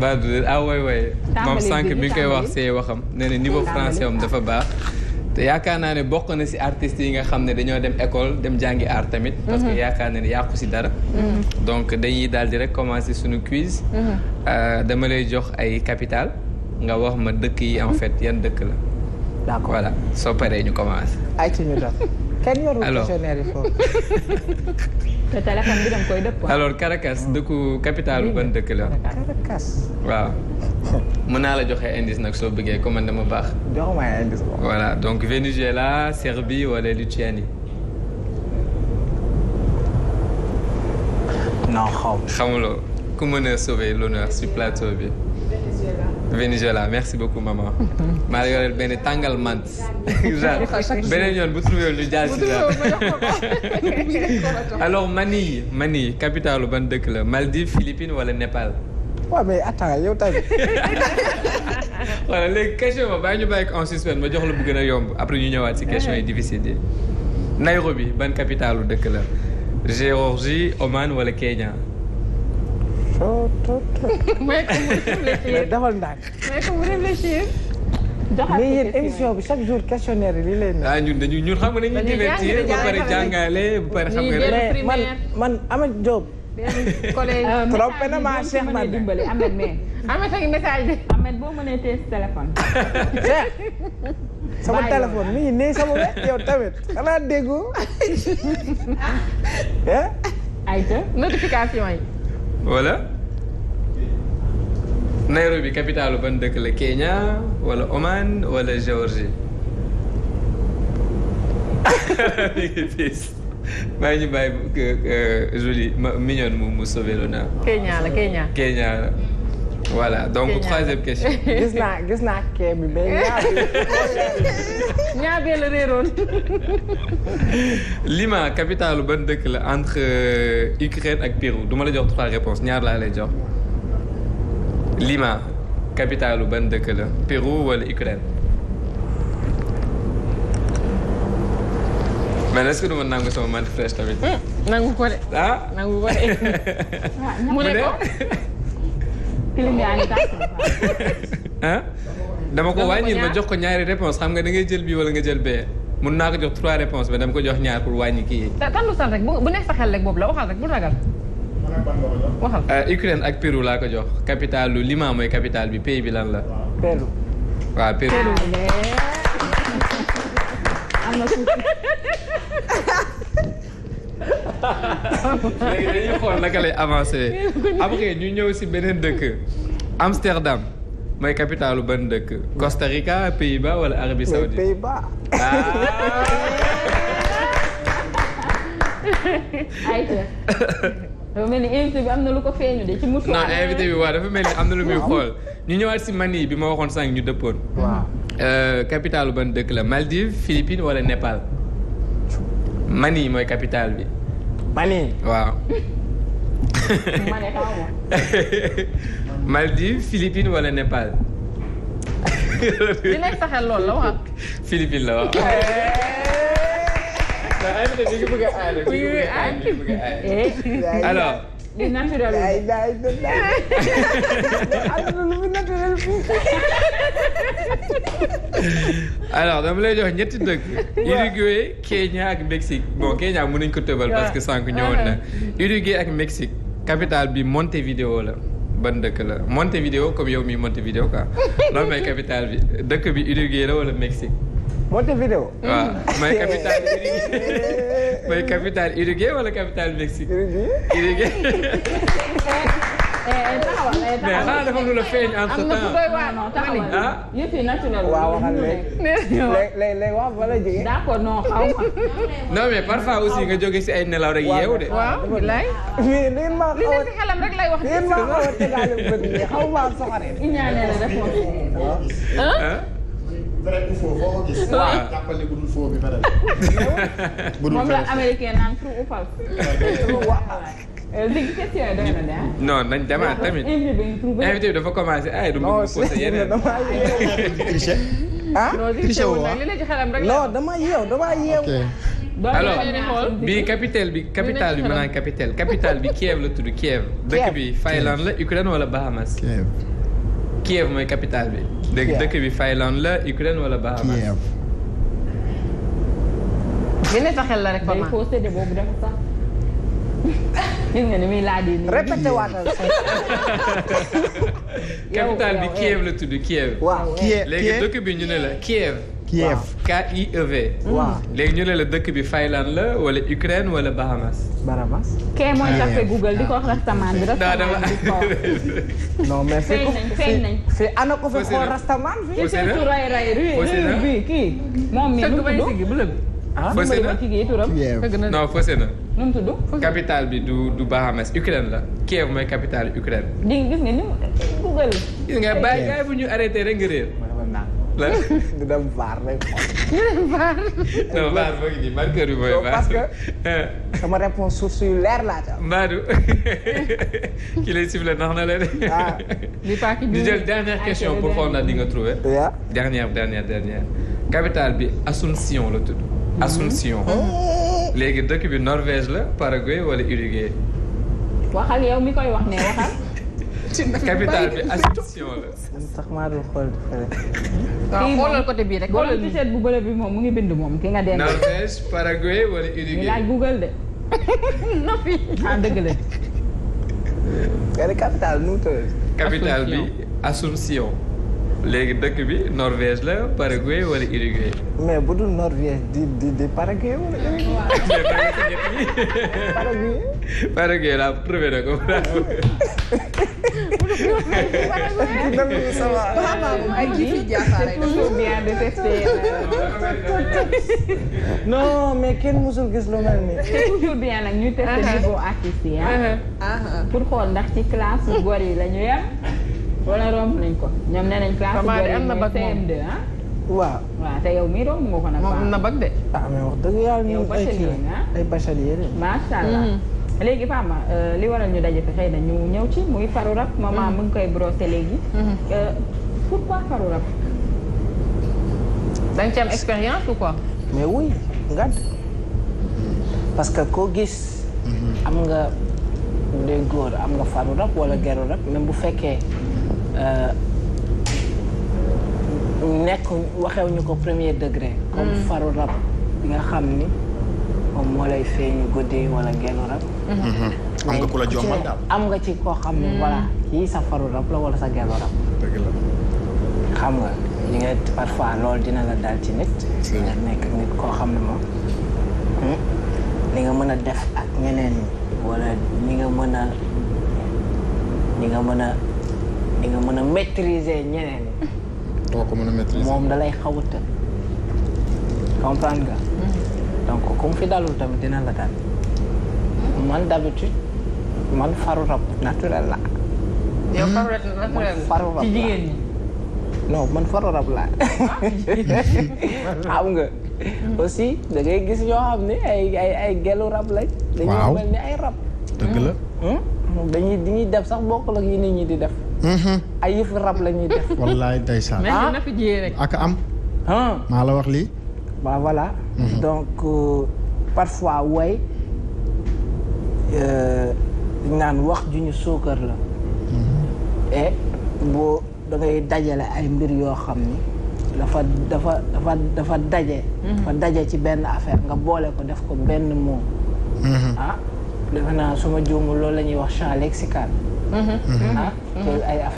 baa du ah oui oui moom sànq mi ngi koy wax see waxam ne na niveau français am dafa baax. te yaakaar naa ne bokk na si artistes yi nga xam ne dañoo dem école dem jàngi art tamit. Mhm. parce que yaakaar na ne yàqu si dara. Mhm. donc dañuy daal di rek commencer suñu quiz. Mhm. Euh, dama lay jox ay capital nga wax ma dëkk yi en fait yan dëkk la. d'accord voilà soo paree ñu commencer. ay kenn yorul questionnaire yi foofu. te téléphone bi da nga koy dëpp. alors Caracas dëkku capitale ban dëkk la. Caracas. naa la joxe indice nag soo bëggee comme man dama baax. jox ma indice ko. voilà bi Venezuela Serbie wala Lituanie. non xaw ma. xamuloo ku mën a sauver l'honneur si plateau bi. Venezuela merci beaucoup maman. maa ngi yoreel benn tàngal mant. beneen yoon bu trouvé ñu jaasi la. alors Manille Manille capitalu ban dëkk la Maldives Philippines wala Népal. waaw mais attends yow tamit. voilà léegi question ma jox la bu gën a yomb après ñu ñëwaat si question yi difficile yi. Nairobi ban capitalu dëkk la Géorgie Oman wala Kenya. may ko mu réfléchir dafal ndànk. may ko mu réfléchir. joxal mais yéen émission bi chaque jour questionnaire yi lii lay mel. ah ñun dañuy ñun xam nga dañuy divertir ba pare jàngale ba pare xam nga man man Amath Diop. collège euh, trompé na ma Cheikh man dimbali Ahmed mais Ahmed sa ngi message de Ahmed boo mënee téye sa téléphone Cheikh sama téléphone mi ngi nii sama wet yow tamit xanaa déggu eh? ayca notification yi voilà Nairobi capitalu ban dëkk Kenya wala Oman wala Géorgie maa ngi bàyyi euh, euh, Kenya Kenya voilà donc troisième question. gis naa gis naa kee bi mais ñaar bee la réeroon. Lima capitalu ban dëkk la entre euh, Ukraine ak Pérou du ma la jox trois réponses ñaar laa Lima capitalu ban dëkk wala Ukraine. mais est-ce que du tamit. Hmm, nangu ko de. ah nangu ko de. mu ne ko. clim yaa ngi tàkk ah dama ko wàññil ma jox ko ñaari réponse xam nga da ngay jël bii wala nga jël bee mun naa ko jox trois réponses ba dama ko jox ñaar pour wàññi kii yi. tan lu sant rek bu nekk sa xel rek boobu la waxal rek bu ragal. waxal. Euh, Ukraine ak Pérou laa ko jox capital lu mooy capital bi pays bi lan la. Pérou. waaw Pérou. am na suuf. léegi dañuy xool naka lay avancer après ñu ñëw si beneen dëkk Amsterdam mooy capitalu ban dëkk Costa Rica Pays-Bas wala Arabie Saoudite ah. dafa mel ni invité bi am na lu ko feeñu de ci musu non invité bi dafa mel ni am na lu muy xool ñu ñëwaat si Mani bi ma waxoon sànq ñu dëppoon euh, capitalu ban dëkk la Maldives Philippines wala Népal Mani mooy capital bi. Mani. waaw. Mani xaw wala Népal. li nekk saxel la waaw. Philippines la waaw. Eh. Eh. alors. di naturel mu dama lay jox ñetti dëkk Uruguay Kenya ak Mexique bon Kenya mën nañ ko tëbal parce que sànq ñëwoon na ah. Uruguay ak Mexique capitale bi Montevideo la ban dëkk la Montevideo comme yow mi Montevideo quoi non mais capitale bi dëkk bi Uruguay la wala Mexique monté vidéo. waaw ah, mooy capital Uruguay mooy capital Uruguay wala capital Mexique. Eh, Uruguay. Eh, eh, mais xanaa dafa lu la feeñ entre temps. am na ku koy wax non taxawal. ah yëf yi naturel. waaw waxal léegi léegi wax wala jigéen. d'accord non xaw ma. non mais parfois aussi nga jóge si ay nelaw rek yeewu de. waaw bilaay. mais li ngeen maa xaw a li ngeen xelam rek lay wax. li ngeen maa xaw a tegaale bët xaw maa soxare. ñaanee la def moom. vrai ou faux foo ko gis. waaw jàppal ne bu dul faux bi pare la. bu dul moom la américain naan true ou false. léegi question yi doy na de non nañ demaat tamit invité bi dafa commencé ay ah, du ma posé yeneen. Ah? non triché ah triché wu li la ci xelam rek non dama yeew dama yeew. alors bi capitale bi capitale bi maanaam capitale capitale bi Kiev la tudd Kiev. dëkk bi Finlande la Ukraine wala Bahamas. Kiev Kiev mooy capitale bi. léegi dëkk bi Finlande la Ukraine wala Bahamas. Kiev. dina taxel la rek ba ma day boobu dafa sax. gis nga ni muy laaj yi. répété waatal capitale bi Kiev la tudd Kiev. waaw Kiev léegi dëkk bi ñu ne la Kiev. Kiev. KIEV. léegi ñu ne la dëkk bi Finlande la wala Ukraine wala Bahamas. Bahamas. kee mooy tapé Google di ko wax rastaman bi. rastaman bi ko non mais fii fii fii ana xool rastaman. fii ci tu ray ray rue bi kii. moom mii ah, nu mu tudd bu lëb. bi du du Bahamas Ukraine la. Kiev mooy capitale Ukraine. di gis nga ni Google. gis nga bàyyi bu ñu arrêté nga réer. lan du dem vaar rek xool. du dem vaar. non vaar moo ngi nii marqueur bi mooy parce que sama réponse source yu la laa ca. Madou ki lay siffler nax na la de. waaw li paa di jël dernière question pour xool na di nga trouver. waaw dernière dernière dernière. capitale bi Asunción la tudd. Asunción. léegi dëkk bi Norvège la Paraguay wala Uruguay. waxal yow mi koy wax ne waxal. capital bi Ascension la. sax maa doon xool xoolal côté bii rek. xoolal bu bële bi moom mu ngi bind moom ki nga denc. Norvège Paraguay wala Uruguay. laaj Google de. na dëgg la. nga ne capital nu capital bi Ascension. léegi dëkk bi Norvège la Paraguay wala Uruguay. mais bu dul Norvège di di di Paraguay wala Uruguay. Paraguay. Paraguay laa trouvé na ko. non mais kenn musul gis lu toujours bien nag ñu testé niveau artiste yi ah. uh-huh. pour xool ndax ci classe yu la ñu yem. wala romb nañ ko ñoom nee nañ classe Famaare am na bac CM2 ah. waaw waaw te yow mii romb nga ko nag. moom am na bac de. ah mais wax dëgg yàlla ñu ay kii ay bachelier de. Ah? macha allah mm-hmm. léegi Fama euh, li waral ñu daje fi xëy na ñu ñëw ci muy faru rab. Mm-hmm. maman mu ngi koy brosser léegi. Mm-hmm. Euh, pourquoi faru rab. da nga ci am expérience ou quoi. mais oui ngàdd parce que koo gis. am nga day góor am nga faru rab wala geru rab même bu fekkee. Euh, nekk waxew ñu ko premier degré. Mm. comme faru rab bi nga xam ni moom moo lay feeñu guddi wala genn rab. Mm-hmm. Mm-hmm. am nga ku la jombal daal am nga ci koo xam ne mm. voilà kii sa faru rab la wala sa genn rab. xam nga li nga parfois loolu dina la dal ci nit. nga nekk nit koo xam ne moom. Hmm, li nga mën a def ak ñeneen ñi. ni nga mën a ni nga mën a. mën a maîtriser ñeneen. mën a moom dalay xaw a donc comme fi tamit dina la dal. man d'habitude man faru rab naturel la. yow faru rab hmm? naturel la ci jigéen ñi. non man faru rab la xam nga. aussi da ngay gis ñoo xam ne ay ay ay gelu rab lañ. waaw dañoo mel ni ay rab. dëgg def sax bokkul ak yi nit ñi di def. Mm-hmm. ay yëfu rab la ñuy def. wallaay ndeysaan. ah na fi jiyee ak am. Ah. maa la wax lii. waaw voilà. Mm-hmm. donc euh, parfois way euh, naan wax ju ñu suukar la. Mm-hmm. et boo da dajale ay mbir yoo xam ni. dafa dafa dafa daje. dafa daje ci benn affaire nga boole ko def ko benn moom. Ah. defe naa su ma juumul loolu la ñuy wax champ lexical. Mm-hmm. Ah, mm-hmm.